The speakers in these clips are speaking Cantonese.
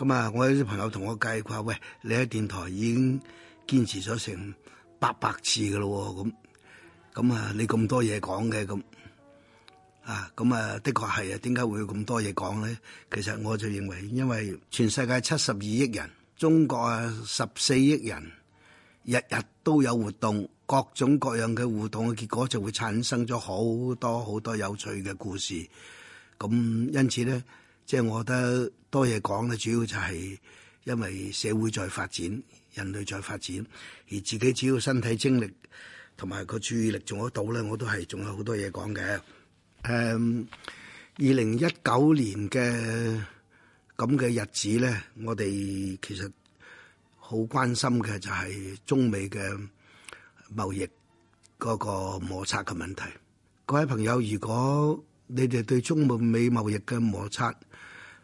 咁啊，我有啲朋友同我計劃，喂，你喺電台已經堅持咗成八百次噶咯，咁咁啊，你咁多嘢講嘅咁啊，咁啊，的確係啊，點解會有咁多嘢講咧？其實我就認為，因為全世界七十二億人，中國啊十四億人，日日都有活動，各種各樣嘅互動嘅結果就會產生咗好多好多有趣嘅故事。咁因此咧。即係我覺得多嘢講咧，主要就係因為社會在發展，人類在發展，而自己只要身體精力同埋個注意力做得到咧，我都係仲有好多嘢講嘅。誒，二零一九年嘅咁嘅日子咧，我哋其實好關心嘅就係中美嘅貿易嗰個摩擦嘅問題。各位朋友，如果你哋對中美貿易嘅摩擦，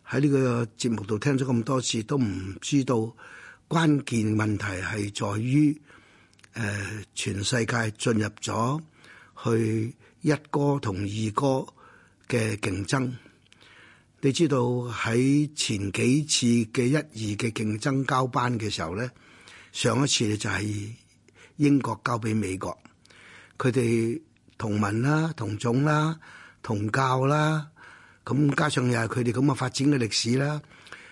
喺呢個節目度聽咗咁多次，都唔知道關鍵問題係在於誒、呃、全世界進入咗去一哥同二哥嘅競爭。你知道喺前幾次嘅一二嘅競爭交班嘅時候咧，上一次就係英國交俾美國，佢哋同文啦、同種啦、同教啦。咁加上又係佢哋咁嘅發展嘅歷史啦，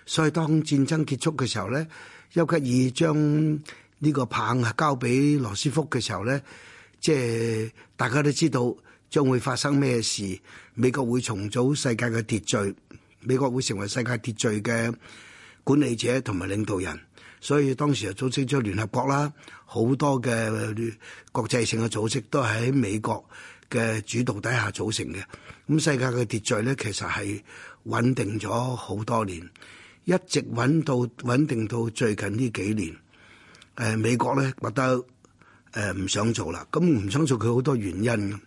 所以當戰爭結束嘅時候咧，丘吉爾將呢個棒交俾羅斯福嘅時候咧，即係大家都知道將會發生咩事，美國會重組世界嘅秩序，美國會成為世界秩序嘅管理者同埋領導人，所以當時就組織咗聯合國啦，好多嘅國際性嘅組織都喺美國。嘅主導底下組成嘅，咁世界嘅秩序咧，其實係穩定咗好多年，一直穩到穩定到最近呢幾年，誒、呃、美國咧，覺得誒唔、呃、想做啦，咁唔想做佢好多原因，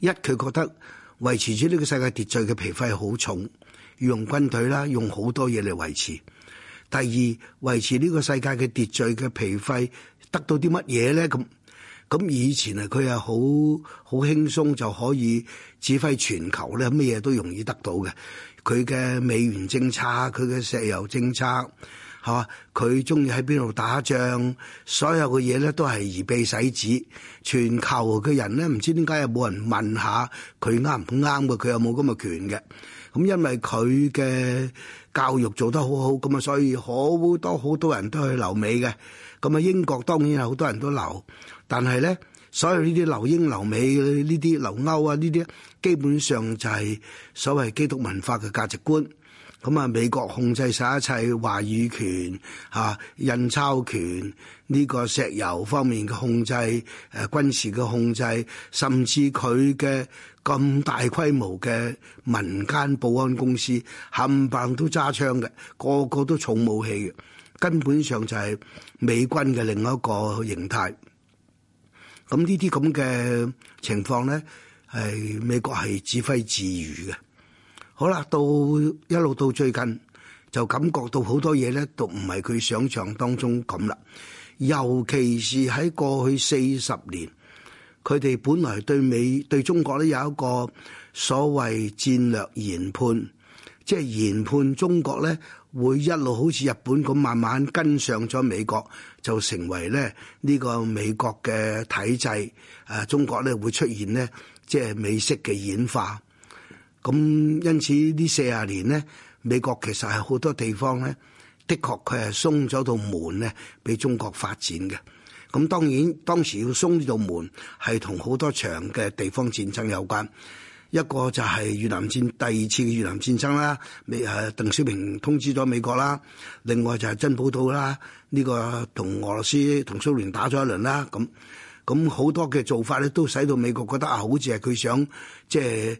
一，佢覺得維持住呢個世界秩序嘅疲憊好重，要用軍隊啦，用好多嘢嚟維持；第二維持呢個世界嘅秩序嘅疲憊得到啲乜嘢咧咁。咁以前啊，佢係好好輕鬆就可以指揮全球咧，咩嘢都容易得到嘅。佢嘅美元政策，佢嘅石油政策，嚇佢中意喺邊度打仗，所有嘅嘢咧都係而被使指全球嘅人咧，唔知點解又冇人問下佢啱唔啱嘅，佢有冇咁嘅權嘅？咁因為佢嘅教育做得好好，咁啊，所以好多好多人都去留美嘅。咁啊，英國當然有好多人都留。但係咧，所有呢啲留英、留美呢啲留歐啊，呢啲基本上就係所謂基督文化嘅價值觀。咁啊，美國控制晒一切話語權，印鈔權呢、呢個石油方面嘅控制，誒軍事嘅控制，甚至佢嘅咁大規模嘅民間保安公司，冚棒都揸槍嘅，個個都重武器嘅，根本上就係美軍嘅另一個形態。咁呢啲咁嘅情況咧，係美國係指揮自如嘅。好啦，到一路到最近，就感覺到好多嘢咧，都唔係佢想象當中咁啦。尤其是喺過去四十年，佢哋本來對美對中國咧有一個所謂戰略研判，即係研判中國咧。會一路好似日本咁慢慢跟上咗美國，就成為咧呢個美國嘅體制。啊，中國咧會出現咧，即係美式嘅演化。咁因此呢四十年咧，美國其實係好多地方咧，的確佢係鬆咗道門咧，俾中國發展嘅。咁當然當時要鬆呢道門，係同好多場嘅地方戰爭有關。一個就係越南戰第二次嘅越南戰爭啦，美誒鄧小平通知咗美國啦，另外就係珍寶島啦，呢、這個同俄羅斯同蘇聯打咗一輪啦，咁咁好多嘅做法咧，都使到美國覺得啊，好似係佢想即係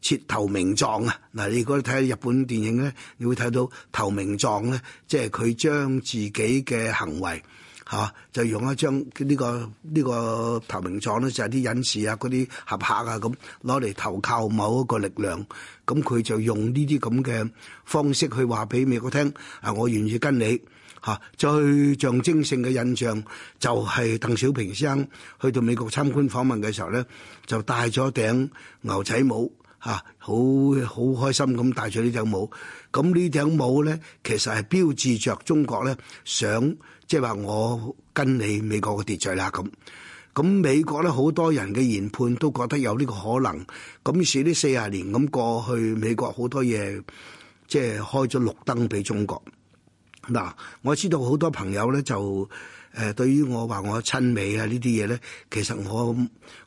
設投名狀啊！嗱，你如果睇日本電影咧，你會睇到投名狀咧，即係佢將自己嘅行為。嚇，就用一張呢個呢個投名狀咧，就係啲隱士啊、嗰啲俠客啊咁攞嚟投靠某一個力量。咁佢就用呢啲咁嘅方式去話俾美國聽：啊，我願意跟你嚇。最象徵性嘅印象就係鄧小平先生去到美國參觀訪問嘅時候咧，就戴咗頂牛仔帽嚇，好好開心咁戴咗呢頂帽。咁呢頂帽咧，其實係標誌著中國咧想。即係話我跟你美國嘅秩序啦，咁咁美國咧好多人嘅研判都覺得有呢個可能，咁於是呢四十年咁過去，美國好多嘢，即係開咗綠燈俾中國。嗱，我知道好多朋友咧就，誒，對於我話我親美啊呢啲嘢咧，其實我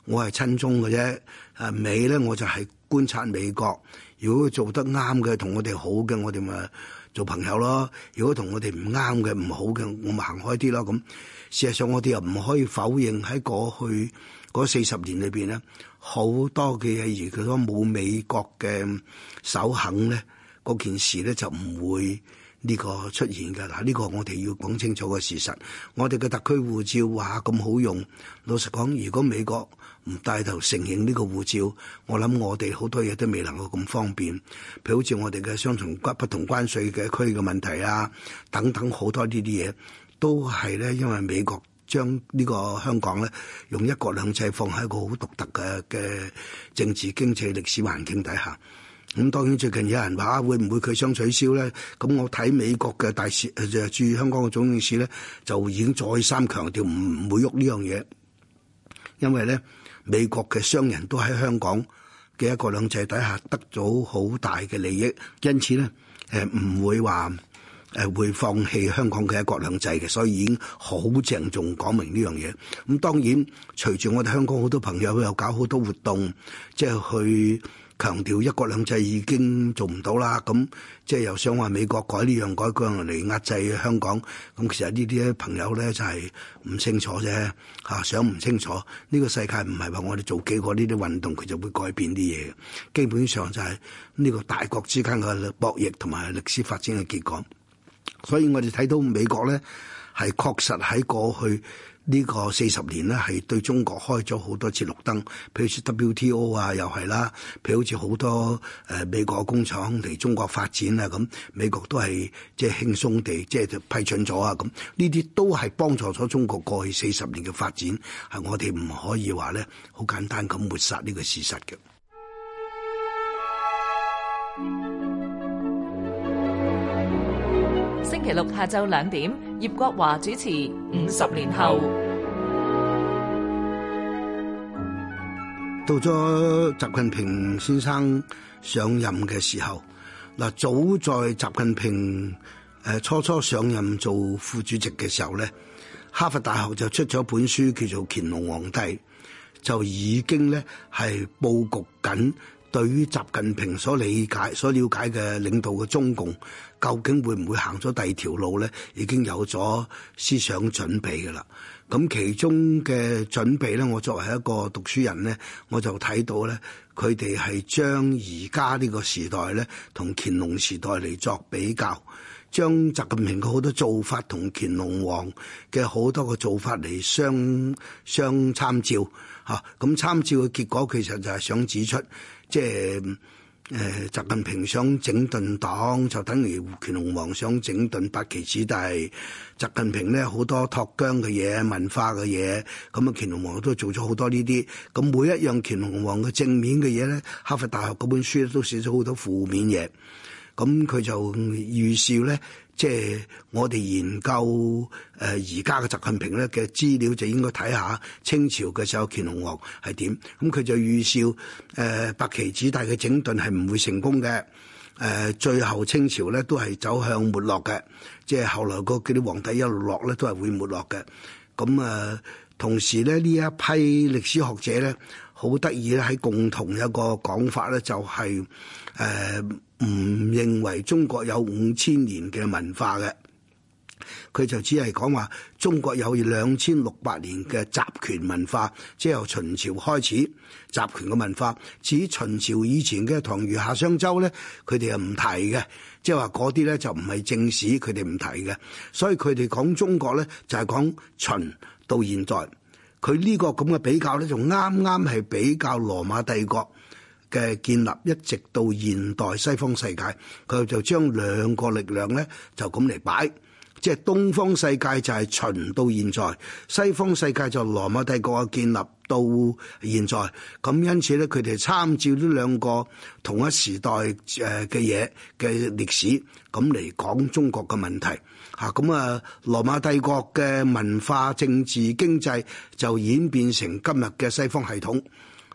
我係親中嘅啫，啊美咧我就係觀察美國，如果佢做得啱嘅，同我哋好嘅，我哋咪。做朋友咯，如果同我哋唔啱嘅、唔好嘅，我行開啲咯。咁事實上我哋又唔可以否認喺過去嗰四十年裏面，咧，好多嘅嘢，如果冇美國嘅首肯咧，嗰件事咧就唔會呢個出現㗎。嗱，呢個我哋要講清楚嘅事實。我哋嘅特區護照話咁好用，老實講，如果美國，唔帶頭承認呢個護照，我諗我哋好多嘢都未能夠咁方便。譬如好似我哋嘅雙重關不同關稅嘅區嘅問題啊，等等好多呢啲嘢，都係咧，因為美國將呢個香港咧用一國兩制放喺一個好獨特嘅嘅政治經濟歷史環境底下。咁、嗯、當然最近有人話會唔會佢想取消咧？咁、嗯、我睇美國嘅大使就誒、啊、駐香港嘅總領事咧，就已經再三強調唔會喐呢樣嘢，因為咧。美國嘅商人都喺香港嘅一國兩制底下得咗好大嘅利益，因此咧誒唔會話會放棄香港嘅一國兩制嘅，所以已經好鄭重講明呢樣嘢。咁當然，隨住我哋香港好多朋友又搞好多活動，即係去。強調一國兩制已經做唔到啦，咁即係又想話美國改呢樣改嗰樣嚟壓制香港，咁其實呢啲朋友咧就係唔清楚啫，嚇想唔清楚。呢個世界唔係話我哋做幾個呢啲運動佢就會改變啲嘢，基本上就係呢個大國之間嘅博弈同埋歷史發展嘅結果。所以我哋睇到美國咧係確實喺過去。呢個四十年咧，係對中國開咗好多次綠燈，譬如說 WTO 啊，又係啦，譬如好似好多誒美國工廠嚟中國發展啊，咁美國都係即係輕鬆地即係就批准咗啊，咁呢啲都係幫助咗中國過去四十年嘅發展，係我哋唔可以話咧，好簡單咁抹殺呢個事實嘅。星期六下晝兩點，葉國華主持《五十年後》。到咗習近平先生上任嘅時候，嗱，早在習近平誒初初上任做副主席嘅時候咧，哈佛大學就出咗本書叫做《乾隆皇帝》，就已經咧係布局緊。對於習近平所理解、所了解嘅領導嘅中共，究竟會唔會行咗第二條路咧？已經有咗思想準備㗎啦。咁其中嘅準備咧，我作為一個讀書人咧，我就睇到咧，佢哋係將而家呢個時代咧，同乾隆時代嚟作比較，將習近平嘅好多做法同乾隆王嘅好多個做法嚟相相參照吓。咁參照嘅結果其實就係想指出。即係誒、呃，習近平想整頓黨，就等於乾隆皇想整頓八旗子弟。習近平咧好多拓疆嘅嘢、文化嘅嘢，咁啊乾隆皇都做咗好多呢啲。咁每一樣乾隆皇嘅正面嘅嘢咧，哈佛大學嗰本書都寫咗好多負面嘢。咁佢就預兆咧。即係我哋研究誒而家嘅習近平咧嘅資料，就應該睇下清朝嘅時候的乾隆王係點。咁佢就預兆誒八旗子弟嘅整頓係唔會成功嘅。誒最後清朝咧都係走向沒落嘅。即係後來嗰啲皇帝一路落咧都係會沒落嘅。咁啊，同時咧呢一批歷史學者咧好得意咧喺共同有個講法咧就係誒。唔認為中國有五千年嘅文化嘅，佢就只係講話中國有兩千六百年嘅集權文化，即係由秦朝開始集權嘅文化。至於秦朝以前嘅唐虞夏商周咧，佢哋又唔提嘅，即係話嗰啲咧就唔係正史，佢哋唔提嘅。所以佢哋講中國咧就係講秦到現代，佢呢個咁嘅比較咧，就啱啱係比較羅馬帝國。嘅建立一直到現代西方世界，佢就將兩個力量咧就咁嚟擺，即係東方世界就係秦到現在，西方世界就羅馬帝國嘅建立到現在。咁因此咧，佢哋參照呢兩個同一時代誒嘅嘢嘅歷史，咁嚟講中國嘅問題嚇。咁啊，羅馬帝國嘅文化、政治、經濟就演變成今日嘅西方系統。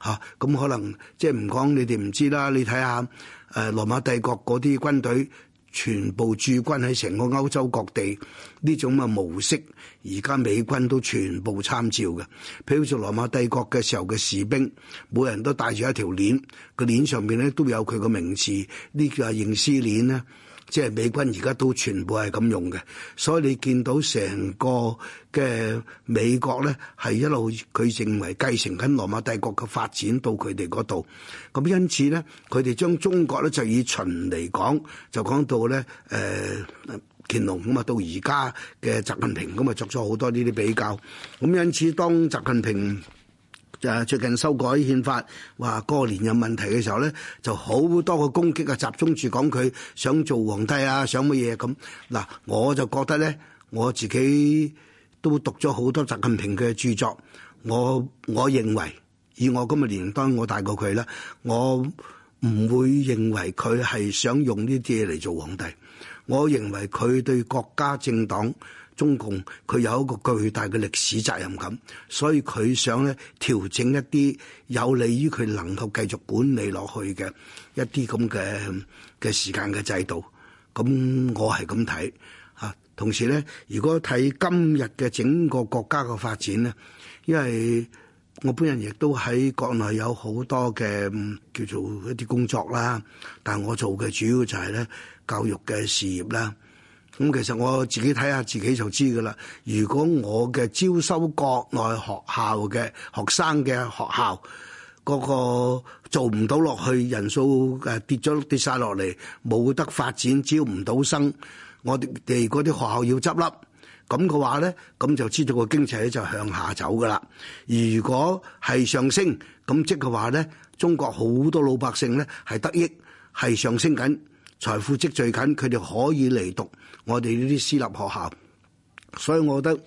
吓、啊，咁可能即係唔講你哋唔知啦。你睇下，誒、呃、羅馬帝國嗰啲軍隊全部駐軍喺成個歐洲各地呢種嘅模式，而家美軍都全部參照嘅。譬如做羅馬帝國嘅時候嘅士兵，每人都帶住一條鏈，個鏈上邊咧都有佢個名字，叫屍鏈呢，叫認屍鏈咧。即係美軍而家都全部係咁用嘅，所以你見到成個嘅美國咧，係一路佢認為繼承緊羅馬帝國嘅發展到佢哋嗰度，咁因此咧，佢哋將中國咧就以秦嚟講，就講到咧誒、呃、乾隆咁啊，到而家嘅習近平咁啊，作咗好多呢啲比較，咁因此當習近平。最近修改憲法，話過年有問題嘅時候咧，就好多個攻擊啊，集中住講佢想做皇帝啊，想乜嘢咁。嗱，我就覺得咧，我自己都讀咗好多習近平嘅著作，我我認為，以我今日年當，我大過佢啦，我唔會認為佢係想用呢啲嘢嚟做皇帝。我認為佢對國家政黨。中共佢有一個巨大嘅歷史責任感，所以佢想咧調整一啲有利於佢能夠繼續管理落去嘅一啲咁嘅嘅時間嘅制度。咁我係咁睇啊。同時咧，如果睇今日嘅整個國家嘅發展咧，因為我本人亦都喺國內有好多嘅叫做一啲工作啦，但係我做嘅主要就係咧教育嘅事業啦。咁其實我自己睇下自己就知噶啦。如果我嘅招收國內學校嘅學生嘅學校嗰個做唔到落去，人數誒跌咗跌晒落嚟，冇得發展，招唔到生，我哋嗰啲學校要執笠。咁嘅話咧，咁就知道個經濟咧就向下走噶啦。如果係上升，咁即係話咧，中國好多老百姓咧係得益，係上升緊，財富積聚緊，佢哋可以嚟讀。我哋呢啲私立學校，所以我覺得，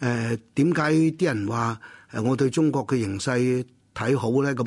誒點解啲人話誒我對中國嘅形勢睇好咧？咁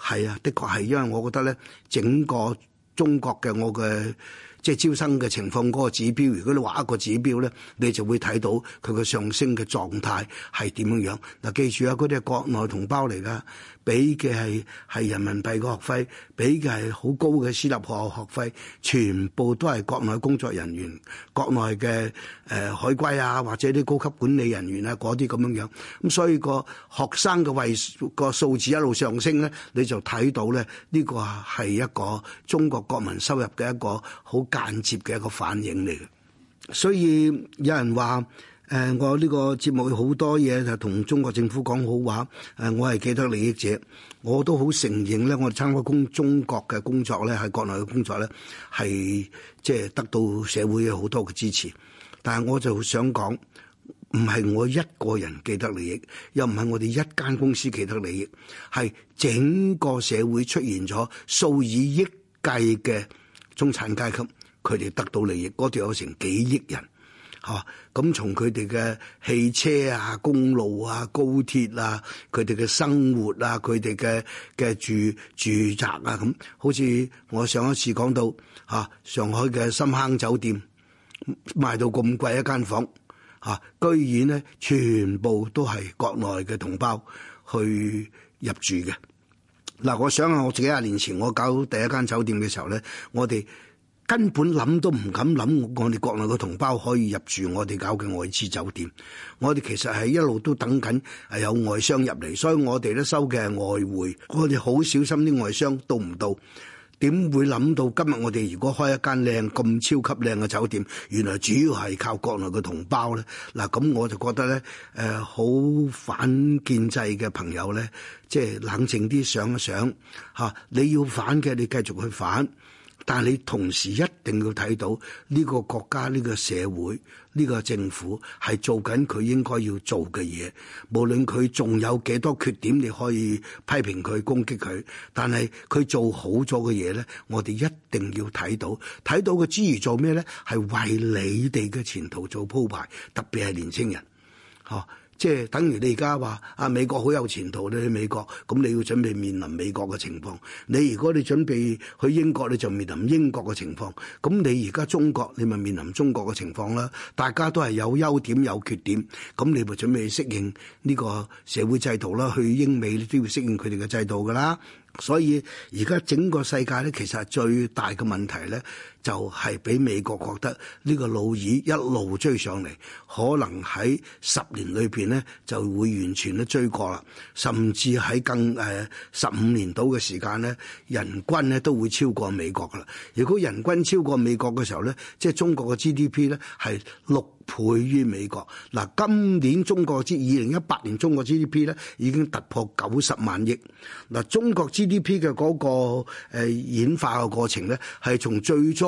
係啊，的確係，因為我覺得咧，整個中國嘅我嘅。即係招生嘅情況個指標，如果你畫一個指標咧，你就會睇到佢個上升嘅狀態係點樣樣嗱，記住啊，嗰啲係國內同胞嚟噶，俾嘅係係人民幣嘅學費，俾嘅係好高嘅私立學校學費，全部都係國內工作人員，國內嘅誒海歸啊，或者啲高級管理人員啊，啲咁樣樣，咁所以個學生嘅位，那個數字一路上升咧，你就睇到咧呢，呢個係一個中國國民收入嘅一個好。間接嘅一個反應嚟嘅，所以有人話：誒，我呢個節目好多嘢就同中國政府講好話。誒，我係既得利益者，我都好承認咧。我哋參加工中國嘅工作咧，喺國內嘅工作咧，係即係得到社會好多嘅支持。但係我就想講，唔係我一個人既得利益，又唔係我哋一間公司既得利益，係整個社會出現咗數以億計嘅中產階級。佢哋得到利益，嗰度有成幾億人、啊、咁從佢哋嘅汽車啊、公路啊、高鐵啊，佢哋嘅生活啊，佢哋嘅嘅住住宅啊，咁好似我上一次講到、啊、上海嘅深坑酒店賣到咁貴一間房、啊、居然咧全部都係國內嘅同胞去入住嘅嗱、啊。我想我自己廿年前我搞第一間酒店嘅時候咧，我哋。根本諗都唔敢諗，我哋國內嘅同胞可以入住我哋搞嘅外資酒店。我哋其實係一路都等緊係有外商入嚟，所以我哋咧收嘅係外匯。我哋好小心啲外商到唔到，點會諗到今日我哋如果開一間靚咁超級靚嘅酒店，原來主要係靠國內嘅同胞咧。嗱，咁我就覺得咧，誒好反建制嘅朋友咧，即係冷靜啲想一想嚇，你要反嘅，你繼續去反。但係你同時一定要睇到呢個國家、呢個社會、呢個政府係做緊佢應該要做嘅嘢，無論佢仲有幾多缺點，你可以批評佢、攻擊佢。但係佢做好咗嘅嘢咧，我哋一定要睇到。睇到嘅之餘做咩咧？係為你哋嘅前途做鋪排，特別係年青人，嚇。即係等於你而家話啊，美國好有前途，你去美國，咁你要準備面臨美國嘅情況。你如果你準備去英國，你就面臨英國嘅情況。咁你而家中國，你咪面臨中國嘅情況啦。大家都係有優點有缺點，咁你咪準備適應呢個社會制度啦。去英美你都要適應佢哋嘅制度㗎啦。所以而家整個世界咧，其實最大嘅問題咧。就係、是、俾美國覺得呢個老二一路追上嚟，可能喺十年裏邊咧就會完全咧追過啦，甚至喺更誒十五年到嘅時間咧，人均咧都會超過美國啦。如果人均超過美國嘅時候咧，即係中國嘅 GDP 咧係六倍於美國嗱，今年中國之二零一八年中國 GDP 咧已經突破九十萬億嗱，中國 GDP 嘅嗰個誒演化嘅過程咧係從最初。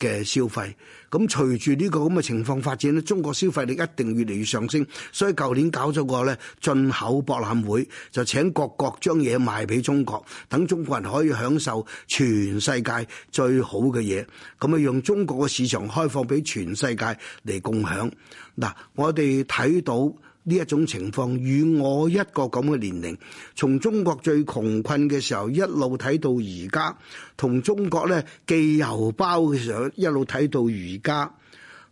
嘅消費，咁隨住呢個咁嘅情況發展咧，中國消費力一定越嚟越上升，所以舊年搞咗個咧進口博覽會，就請各國將嘢賣俾中國，等中國人可以享受全世界最好嘅嘢，咁啊讓中國嘅市場開放俾全世界嚟共享。嗱，我哋睇到。呢一種情況，與我一個咁嘅年齡，從中國最窮困嘅時候一路睇到而家，同中國咧寄郵包嘅時候一路睇到而家。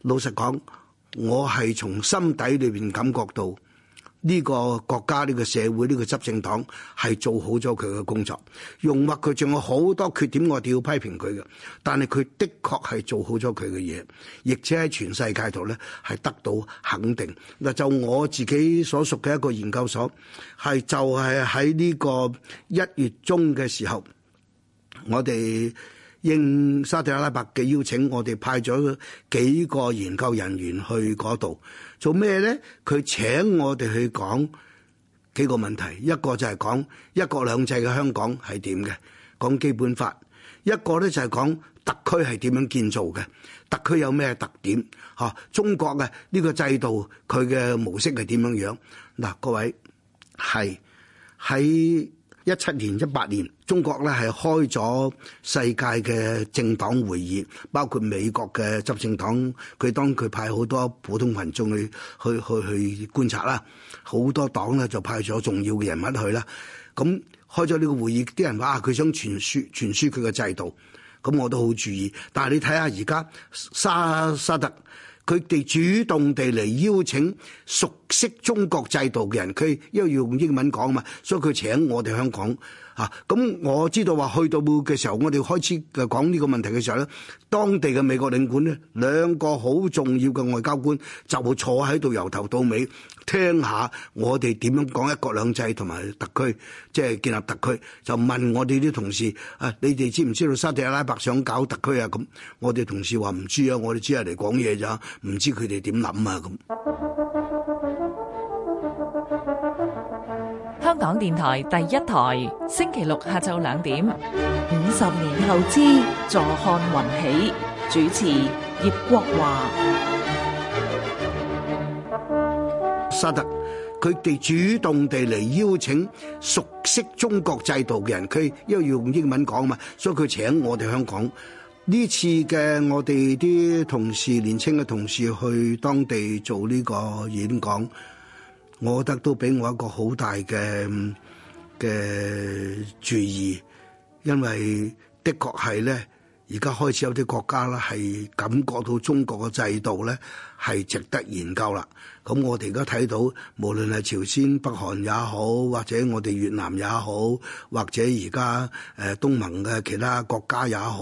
老實講，我係從心底裏邊感覺到。呢、這個國家、呢、這個社會、呢、這個執政黨係做好咗佢嘅工作。容或佢仲有好多缺點，我哋要批評佢嘅。但係佢的確係做好咗佢嘅嘢，而且喺全世界度咧係得到肯定。嗱，就我自己所屬嘅一個研究所，係就係喺呢個一月中嘅時候，我哋。應沙特阿拉伯嘅邀請，我哋派咗幾個研究人員去嗰度做咩咧？佢請我哋去講幾個問題，一個就係講一國兩制嘅香港係點嘅，講基本法；一個咧就係講特區係點樣建造嘅，特區有咩特點？嚇，中國嘅呢個制度佢嘅模式係點樣樣？嗱，啊，各位係喺。一七年、一八年，中國咧係開咗世界嘅政黨會議，包括美國嘅執政黨，佢當佢派好多普通民眾去去去去觀察啦，好多黨咧就派咗重要嘅人物去啦。咁開咗呢個會議，啲人話啊，佢想傳輸傳輸佢嘅制度，咁我都好注意。但係你睇下而家沙沙特。佢哋主動地嚟邀請熟悉中國制度嘅人，佢因為要用英文講啊嘛，所以佢請我哋香港。咁、啊、我知道話去到嘅時候，我哋開始講呢個問題嘅時候咧，當地嘅美國領館咧，兩個好重要嘅外交官就會坐喺度，由頭到尾聽下我哋點樣講一國兩制同埋特區，即、就、係、是、建立特區，就問我哋啲同事啊，你哋知唔知道沙地阿拉伯想搞特區啊？咁、啊、我哋同事話唔知啊，我哋只係嚟講嘢咋，唔知佢哋點諗啊咁。香港電台第一台，星期六下晝兩點。五十年投資，坐看雲起。主持葉國華。沙特佢哋主動地嚟邀請熟悉中國制度嘅人，佢因為要用英文講嘛，所以佢請我哋香港呢次嘅我哋啲同事，年輕嘅同事去當地做呢個演講。我覺得都俾我一個好大嘅嘅注意，因為的確係咧，而家開始有啲國家啦，係感覺到中國嘅制度咧係值得研究啦。咁我哋而家睇到，無論係朝鮮北韓也好，或者我哋越南也好，或者而家誒東盟嘅其他國家也好，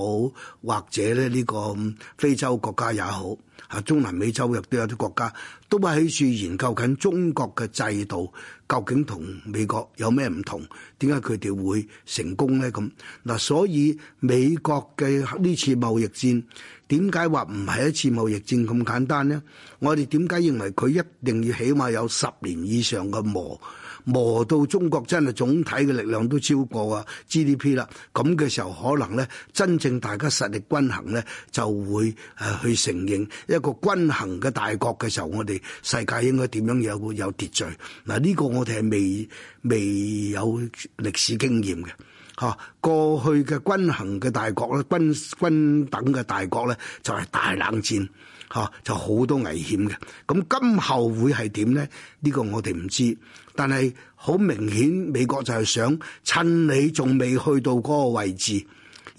或者咧呢個非洲國家也好，中南美洲亦都有啲國家，都喺處研究緊中國嘅制度究竟同美國有咩唔同？點解佢哋會成功咧？咁嗱，所以美國嘅呢次貿易戰。.點解話唔係一次貿易戰咁簡單呢？我哋點解認為佢一定要起碼有十年以上嘅磨磨到中國真係總體嘅力量都超過啊 GDP 啦，咁嘅時候可能呢，真正大家實力均衡呢，就會誒去承認一個均衡嘅大國嘅時候，我哋世界應該點樣有有秩序？嗱，呢、啊，呢個我哋係未未有歷史經驗嘅。嚇，過去嘅均衡嘅大國咧，均均等嘅大國咧，就係大冷戰，嚇，就好多危險嘅。咁今後會係點咧？呢個我哋唔知，但係好明顯，美國就係想趁你仲未去到嗰個位置。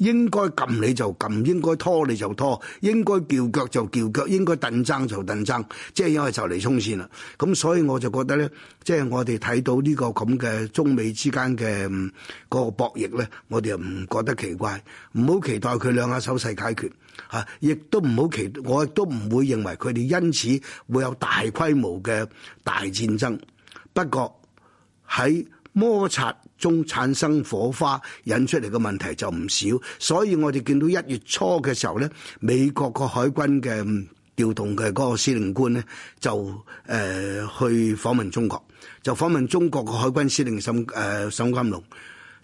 應該撳你就撳，應該拖你就拖，應該叫腳就叫腳，應該掟爭就掟爭，即係因為就嚟衝線啦。咁所以我就覺得咧，即係我哋睇到呢個咁嘅中美之間嘅嗰個博弈咧，我哋又唔覺得奇怪，唔好期待佢兩下手勢解決吓，亦都唔好期待，我亦都唔會認為佢哋因此會有大規模嘅大戰爭。不過喺摩擦中產生火花引出嚟嘅問題就唔少，所以我哋見到一月初嘅時候咧，美國個海軍嘅調動嘅嗰個司令官咧，就、呃、誒去訪問中國，就訪問中國個海軍司令沈誒、呃、沈金龍，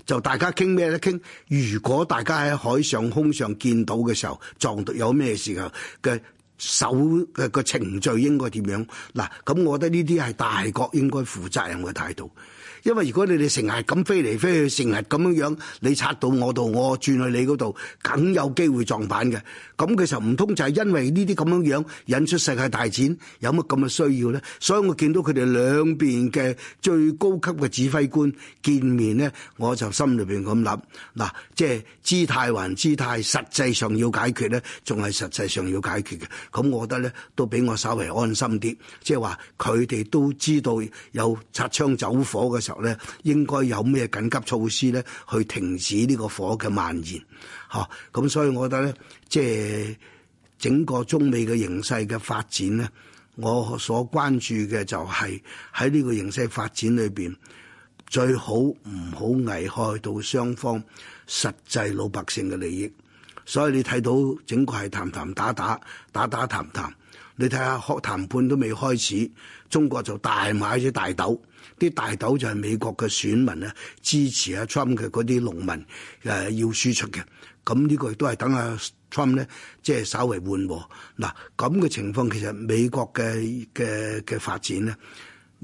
就大家傾咩咧？傾如果大家喺海上空上見到嘅時候撞到有咩時候嘅手嘅個、呃、程序應該點樣？嗱，咁我覺得呢啲係大國應該負責任嘅態度。因為如果你哋成日咁飛嚟飛去，成日咁樣樣，你擦到我度，我轉去你嗰度，梗有機會撞板嘅。咁其實唔通就係因為呢啲咁樣樣引出世界大戰，有乜咁嘅需要咧？所以我見到佢哋兩邊嘅最高級嘅指揮官見面咧，我就心裏邊咁諗，嗱，即係姿態還姿態，實際上要解決咧，仲係實際上要解決嘅。咁我覺得咧都比我稍微安心啲，即係話佢哋都知道有擦槍走火嘅時候。咧應該有咩緊急措施咧，去停止呢個火嘅蔓延嚇。咁所以，我覺得咧，即係整個中美嘅形勢嘅發展咧，我所關注嘅就係喺呢個形勢發展裏邊，最好唔好危害到雙方實際老百姓嘅利益。所以你睇到整個係談談打打，打打談談。你睇下，談判都未開始，中國就大買咗大豆。啲大豆就係美國嘅選民咧，支持阿 Trump 嘅嗰啲農民誒、呃、要輸出嘅，咁、啊、呢個亦都係等阿 Trump 咧，即係稍為緩和嗱咁嘅情況。其實美國嘅嘅嘅發展咧、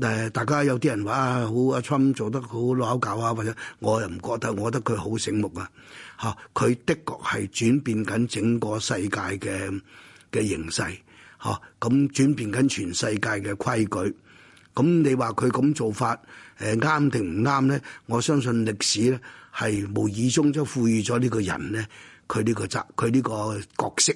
呃、大家有啲人話好阿 Trump 做得好攪搞啊，或者我又唔覺得，我覺得佢好醒目啊，吓，佢的確係轉變緊整個世界嘅嘅形勢嚇，咁、嗯、轉變緊全世界嘅規矩。咁你話佢咁做法誒啱定唔啱咧？我相信歷史咧係無意中就賦予咗呢個人咧，佢呢個，佢呢個角色，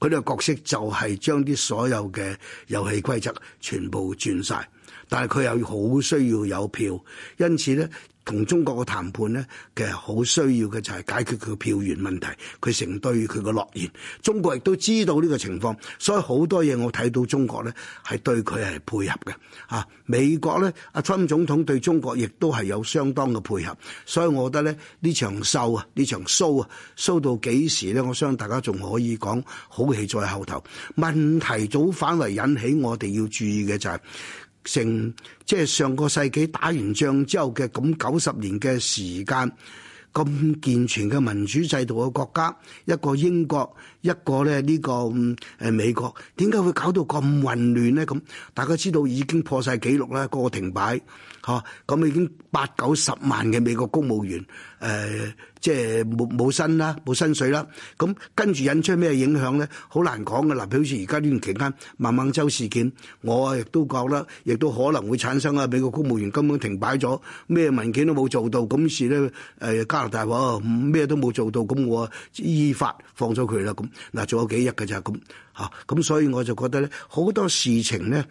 佢呢個角色就係將啲所有嘅遊戲規則全部轉晒，但係佢又好需要有票，因此咧。同中國嘅談判咧，其實好需要嘅就係解決佢嘅票源問題，佢成堆佢嘅諾言。中國亦都知道呢個情況，所以好多嘢我睇到中國咧係對佢係配合嘅，啊。美國咧，阿 Trump 總統對中國亦都係有相當嘅配合，所以我覺得咧呢場秀啊，呢場 show 啊，show 到幾時咧？我相信大家仲可以講好戲在後頭。問題早反嚟引起我哋要注意嘅就係、是。成即係、就是、上個世紀打完仗之後嘅咁九十年嘅時間，咁健全嘅民主制度嘅國家，一個英國。一個咧，呢個誒，美國點解會搞到咁混亂咧？咁大家知道已經破曬記錄啦，個個停擺嚇，咁已經八九十萬嘅美國公務員誒，即係冇，冇薪啦，冇薪水啦。咁跟住引出咩影響咧？好難講㗎喇，譬如好似而家呢段期間孟晚舟事件，我亦都覺得亦都可能會產生啊。美國公務員根本停擺咗，咩文件都冇做到，咁事咧誒，加拿大話咩都冇做到，咁我依法放咗佢啦咁。嗱，仲有幾日嘅咋？咁嚇，咁所以我就覺得咧，好多事情咧，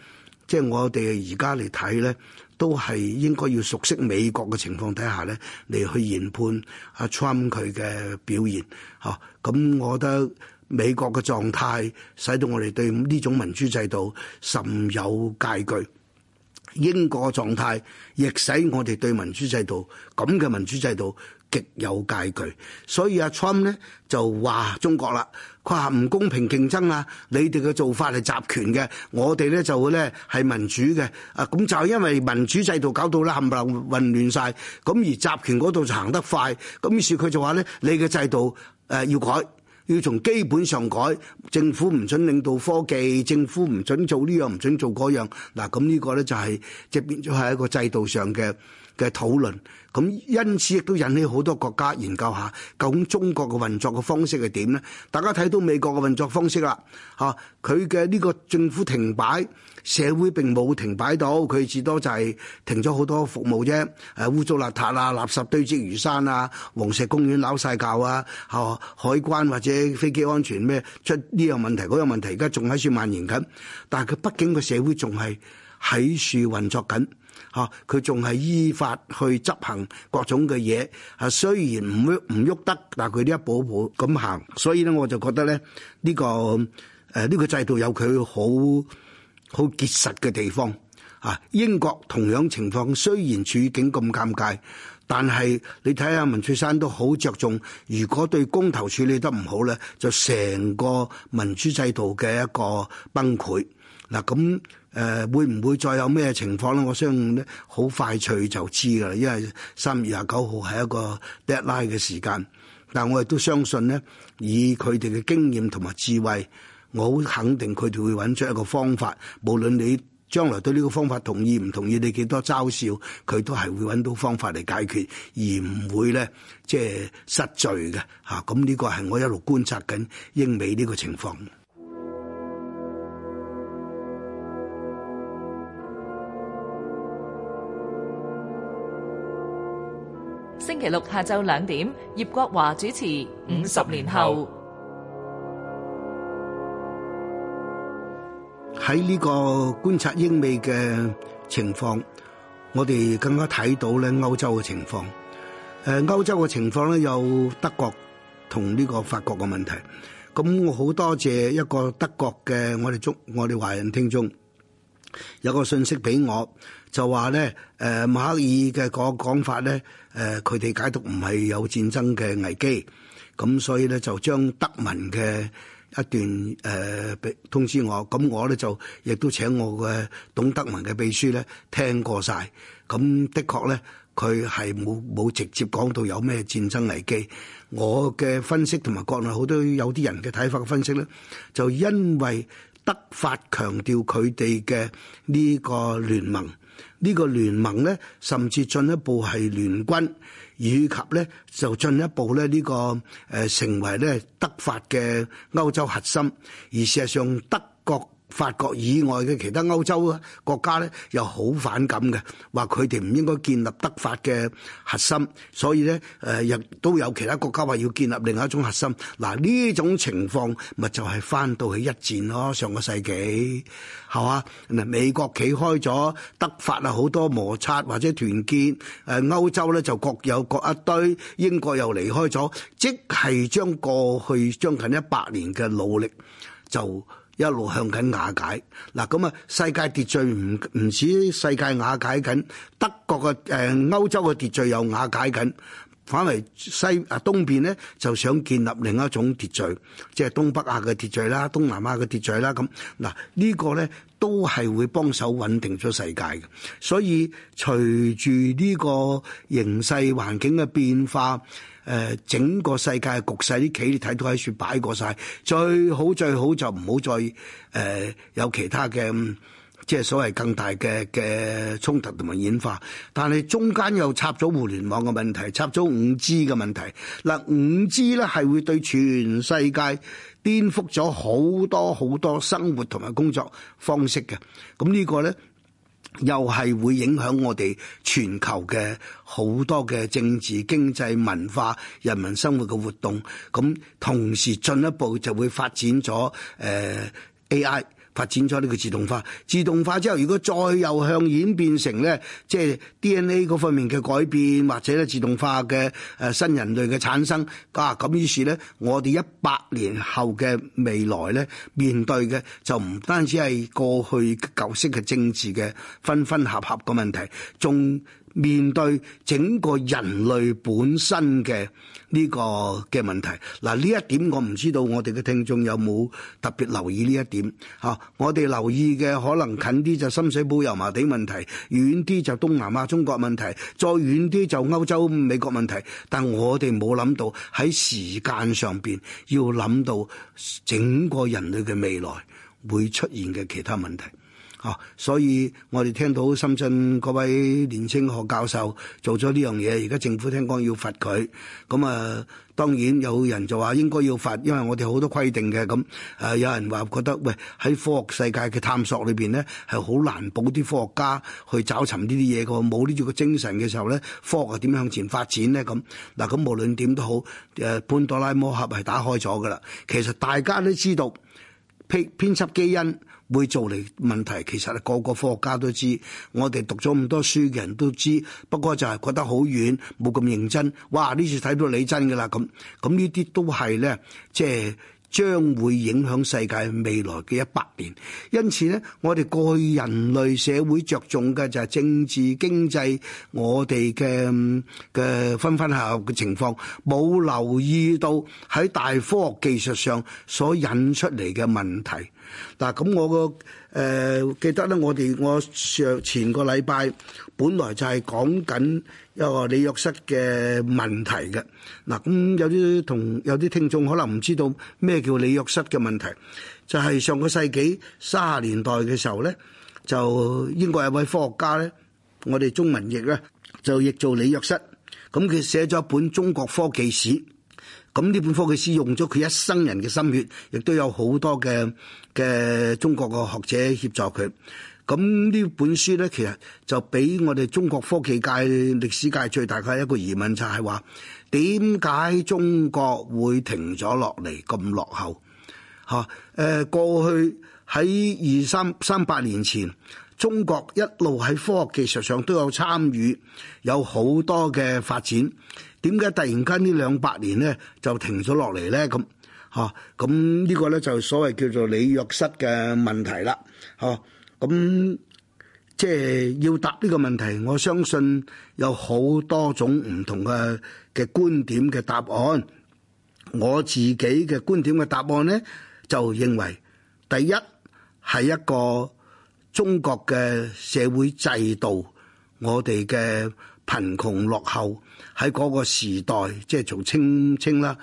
即係我哋而家嚟睇咧，都係應該要熟悉美國嘅情況底下咧，嚟去研判阿 Trump 佢嘅表現嚇。咁，我覺得美國嘅狀態使到我哋對呢種民主制度甚有戒懼；英國嘅狀態亦使我哋對民主制度咁嘅民主制度極有戒懼，所以阿 Trump 咧就話中國啦，佢話唔公平競爭啊！你哋嘅做法係集權嘅，我哋咧就咧係民主嘅。啊，咁就因為民主制度搞到啦冚唪唥混亂晒，咁而集權嗰度就行得快，咁於是佢就話咧你嘅制度誒、呃、要改，要從基本上改，政府唔准領導科技，政府唔准做呢樣唔准做嗰樣嗱，咁呢個咧就係即係變咗係一個制度上嘅嘅討論，咁因此亦都引起好多國家研究下，究竟中國嘅運作嘅方式係點咧？大家睇到美國嘅運作方式啦，吓佢嘅呢個政府停擺，社會並冇停擺到，佢至多就係停咗好多服務啫，誒污糟邋遢啊，垃圾堆積如山啊，黃石公園鬧晒教啊，吓海關或者飛機安全咩出呢樣問題嗰樣問題，而家仲喺處蔓延緊，但係佢畢竟個社會仲係喺處運作緊。嚇佢仲係依法去執行各種嘅嘢，係雖然唔唔喐得，但係佢呢一步步咁行，所以咧我就覺得咧呢個誒呢個制度有佢好好結實嘅地方啊！英國同樣情況，雖然處境咁尷尬，但係你睇下文翠珊都好着重，如果對公投處理得唔好咧，就成個民主制度嘅一個崩潰嗱咁。誒會唔會再有咩情況咧？我相信咧好快脆就知㗎喇，因為三月廿九號係一個 deadline 嘅時間。但我亦都相信咧，以佢哋嘅經驗同埋智慧，我好肯定佢哋會揾出一個方法。無論你將來對呢個方法同意唔同意，你幾多嘲笑，佢都係會揾到方法嚟解決，而唔會咧即係失序嘅㗎。咁呢個係我一路觀察緊英美呢個情況。星期六下晝兩點，葉國華主持《五十年後》。喺呢個觀察英美嘅情況，我哋更加睇到咧歐洲嘅情況。誒，歐洲嘅情況咧有德國同呢個法國嘅問題。咁我好多謝一個德國嘅我哋中我哋華人聽眾。有個信息俾我，就話咧，誒，默克爾嘅個講法咧，誒，佢哋解讀唔係有戰爭嘅危機，咁所以咧就將德文嘅一段誒、呃、通知我，咁我咧就亦都請我嘅懂德文嘅秘書咧聽過晒，咁的確咧佢係冇冇直接講到有咩戰爭危機，我嘅分析同埋國內好多有啲人嘅睇法嘅分析咧，就因為。德法強調佢哋嘅呢個聯盟，呢個聯盟咧，甚至進一步係聯軍，以及咧就進一步咧呢個誒成為咧德法嘅歐洲核心，而事實上德國。法國以外嘅其他歐洲國家咧，又好反感嘅，話佢哋唔應該建立德法嘅核心，所以咧，誒亦都有其他國家話要建立另外一種核心。嗱，呢種情況咪就係翻到去一戰咯，上個世紀，係嘛？美國企開咗德法啊，好多摩擦或者團結，誒歐洲咧就各有各一堆，英國又離開咗，即係將過去將近一百年嘅努力就。一路向緊瓦解，嗱咁啊，世界秩序唔唔止世界瓦解緊，德國嘅誒歐洲嘅秩序又瓦解緊，反為西啊東邊咧就想建立另一種秩序，即係東北亞嘅秩序啦、東南亞嘅秩序啦咁，嗱、這個、呢個咧都係會幫手穩定咗世界嘅，所以隨住呢個形勢環境嘅變化。誒整個世界嘅局勢，啲企，你睇到喺雪擺過晒。最好最好就唔好再誒、呃、有其他嘅，即係所謂更大嘅嘅衝突同埋演化。但係中間又插咗互聯網嘅問題，插咗五 G 嘅問題。嗱、啊，五 G 咧係會對全世界顛覆咗好多好多生活同埋工作方式嘅。咁呢個咧。又係會影響我哋全球嘅好多嘅政治、經濟、文化、人民生活嘅活動，咁同時進一步就會發展咗誒、呃、AI。發展咗呢個自動化，自動化之後，如果再又向演變成咧，即係 DNA 嗰方面嘅改變，或者咧自動化嘅誒新人類嘅產生，啊咁於是咧，我哋一百年後嘅未來咧，面對嘅就唔單止係過去舊式嘅政治嘅分分合合個問題，仲，面對整個人類本身嘅呢、這個嘅問題，嗱呢一點我唔知道我哋嘅聽眾有冇特別留意呢一點？嚇，我哋留意嘅可能近啲就是深水埗油麻地問題，遠啲就是東南亞中國問題，再遠啲就歐洲美國問題。但我哋冇諗到喺時間上邊要諗到整個人類嘅未來會出現嘅其他問題。啊、哦，所以我哋聽到深圳嗰位年輕學教授做咗呢樣嘢，而家政府聽講要罰佢。咁啊，當然有人就話應該要罰，因為我哋好多規定嘅。咁啊、呃，有人話覺得喂，喺科學世界嘅探索裏面咧，係好難保啲科學家去找尋呢啲嘢個，冇呢啲個精神嘅時候咧，科學係點向前發展咧？咁嗱，咁無論點都好，誒，潘多拉魔盒係打開咗㗎喇。其實大家都知道編編輯基因。會做嚟問題，其實個個科學家都知，我哋讀咗咁多書嘅人都知。不過就係覺得好遠，冇咁認真。哇！呢次睇到你真噶啦咁，咁呢啲都係咧，即係將會影響世界未來嘅一百年。因此咧，我哋過去人類社會着重嘅就係政治、經濟，我哋嘅嘅分分合合嘅情況，冇留意到喺大科學技術上所引出嚟嘅問題。嗱，咁我個誒記得咧，我哋我上前個禮拜，本來就係講緊一個李約瑟嘅問題嘅。嗱，咁有啲同有啲聽眾可能唔知道咩叫李約瑟嘅問題，就係、是、上個世紀卅年代嘅時候咧，就英國有位科學家咧，我哋中文譯咧就譯做李約瑟。咁佢寫咗一本《中國科技史》。咁呢本科技史用咗佢一生人嘅心血，亦都有好多嘅嘅中國嘅學者協助佢。咁呢本書呢，其實就俾我哋中國科技界、歷史界最大嘅一個疑問，就係話點解中國會停咗落嚟咁落後？吓，誒，過去喺二三三百年前，中國一路喺科學技術上都有參與，有好多嘅發展。點解突然間呢兩百年咧就停咗落嚟？咧？咁吓，咁呢個咧就所謂叫做李約瑟嘅問題啦。吓，咁即係要答呢個問題，我相信有好多種唔同嘅嘅觀點嘅答案。我自己嘅觀點嘅答案咧，就認為第一係一個中國嘅社會制度，我哋嘅。貧窮落後喺嗰個時代，即係做清清啦，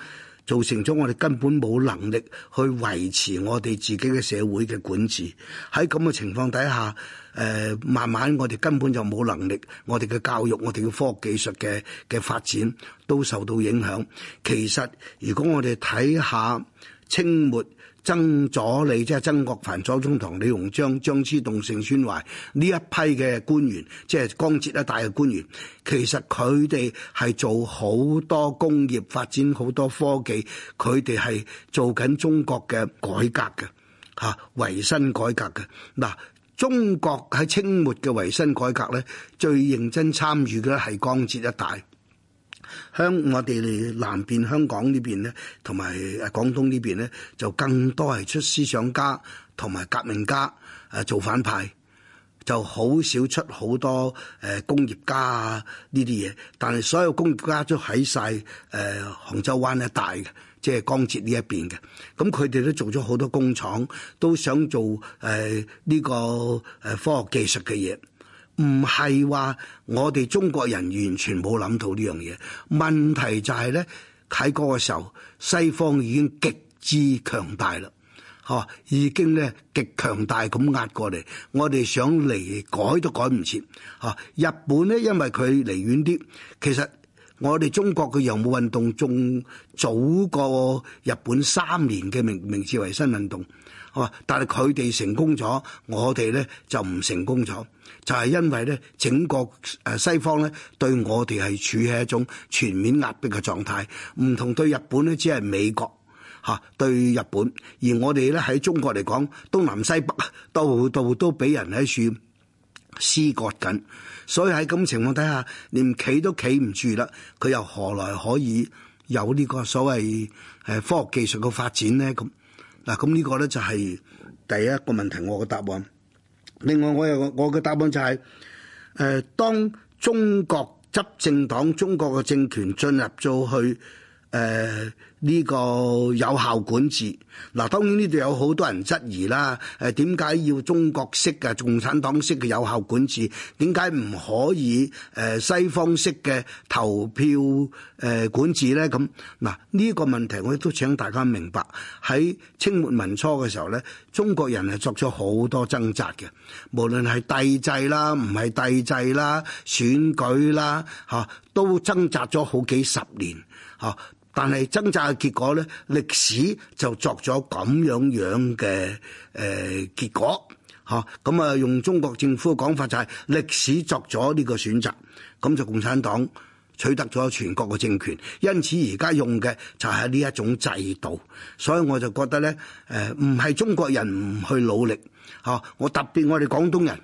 造成咗我哋根本冇能力去維持我哋自己嘅社會嘅管治。喺咁嘅情況底下，誒慢慢我哋根本就冇能力，我哋嘅教育、我哋嘅科技術嘅嘅發展都受到影響。其實如果我哋睇下清末。就是、曾左李即係曾國藩、左宗棠、李鴻章、張之洞、盛宣懷呢一批嘅官員，即係江浙一帶嘅官員，其實佢哋係做好多工業發展、好多科技，佢哋係做緊中國嘅改革嘅，嚇、啊、維新改革嘅。嗱、啊，中國喺清末嘅維新改革咧，最認真參與嘅係江浙一帶。香我哋南邊香港呢邊咧，同埋誒廣東呢邊咧，就更多係出思想家同埋革命家誒做反派，就好少出好多誒工業家啊，呢啲嘢。但係所有工業家都喺晒誒杭州灣一帶嘅，即係江浙呢一邊嘅。咁佢哋都做咗好多工廠，都想做誒呢個誒科學技術嘅嘢。唔係話我哋中國人完全冇諗到呢樣嘢，問題就係咧喺嗰個時候，西方已經極之強大啦，吓已經咧極強大咁壓過嚟，我哋想嚟改都改唔切，吓日本咧因為佢離遠啲，其實我哋中國嘅洋務運動仲早過日本三年嘅明明治維新運動。但係佢哋成功咗，我哋呢就唔成功咗，就係因為呢，整個誒西方呢對我哋係處喺一種全面壓迫嘅狀態，唔同對日本呢只係美國嚇對日本，而我哋呢喺中國嚟講東南西北度度都俾人喺處施壓緊，所以喺咁情況底下，連企都企唔住啦，佢又何來可以有呢個所謂誒科學技術嘅發展呢？咁？咁呢個呢，就係第一個問題，我嘅答案。另外，我又我嘅答案就係，當中國執政黨、中國嘅政權進入咗去，誒、呃、呢、這個有效管治嗱，當然呢度有好多人質疑啦。誒點解要中國式嘅共產黨式嘅有效管治？點解唔可以誒西方式嘅投票誒管治咧？咁嗱，呢、這個問題我都請大家明白喺清末民初嘅時候咧，中國人係作咗好多掙扎嘅，無論係帝制啦、唔係帝制啦、選舉啦嚇，都掙扎咗好幾十年嚇。但係掙扎嘅結果咧，歷史就作咗咁樣樣嘅誒結果，嚇，咁啊用中國政府嘅講法就係歷史作咗呢個選擇，咁就共產黨取得咗全國嘅政權，因此而家用嘅就係呢一種制度，所以我就覺得咧誒，唔、呃、係中國人唔去努力嚇、啊，我特別我哋廣東人。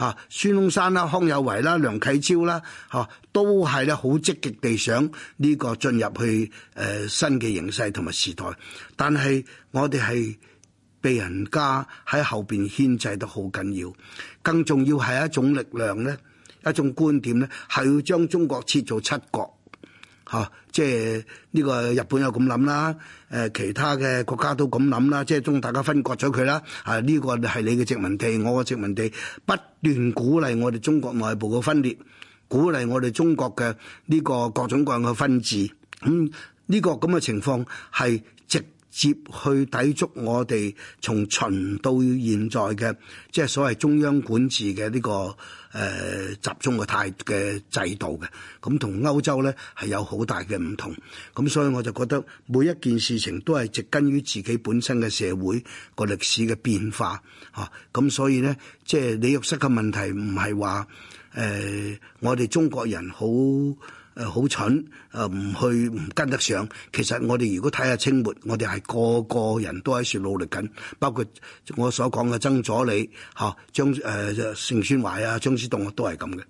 啊，孫中山啦、康有為啦、梁啟超啦，嚇都係咧好積極地想呢個進入去誒新嘅形勢同埋時代，但係我哋係被人家喺後邊牽制得好緊要，更重要係一種力量咧，一種觀點咧，係要將中國設做七國。嚇、啊！即係呢個日本有咁諗啦，誒其他嘅國家都咁諗啦，即係中大家分割咗佢啦。啊！呢、這個係你嘅殖民地，我嘅殖民地不斷鼓勵我哋中國內部嘅分裂，鼓勵我哋中國嘅呢個各種各樣嘅分治。咁、嗯、呢、這個咁嘅情況係直接去抵觸我哋從秦到現在嘅即係所謂中央管治嘅呢、這個。誒、嗯、集中嘅態嘅制度嘅，咁、嗯、同歐洲咧係有好大嘅唔同，咁、嗯、所以我就覺得每一件事情都係植根於自己本身嘅社會個歷史嘅變化嚇，咁、嗯嗯、所以咧即係李約瑟嘅問題唔係話誒我哋中國人好，.好蠢，唔去唔跟得上。其實我哋如果睇下清末，我哋係個個人都喺處努力緊，包括我所講嘅曾佐理、嚇張誒盛、呃、宣懷啊、張之洞啊，都係咁嘅。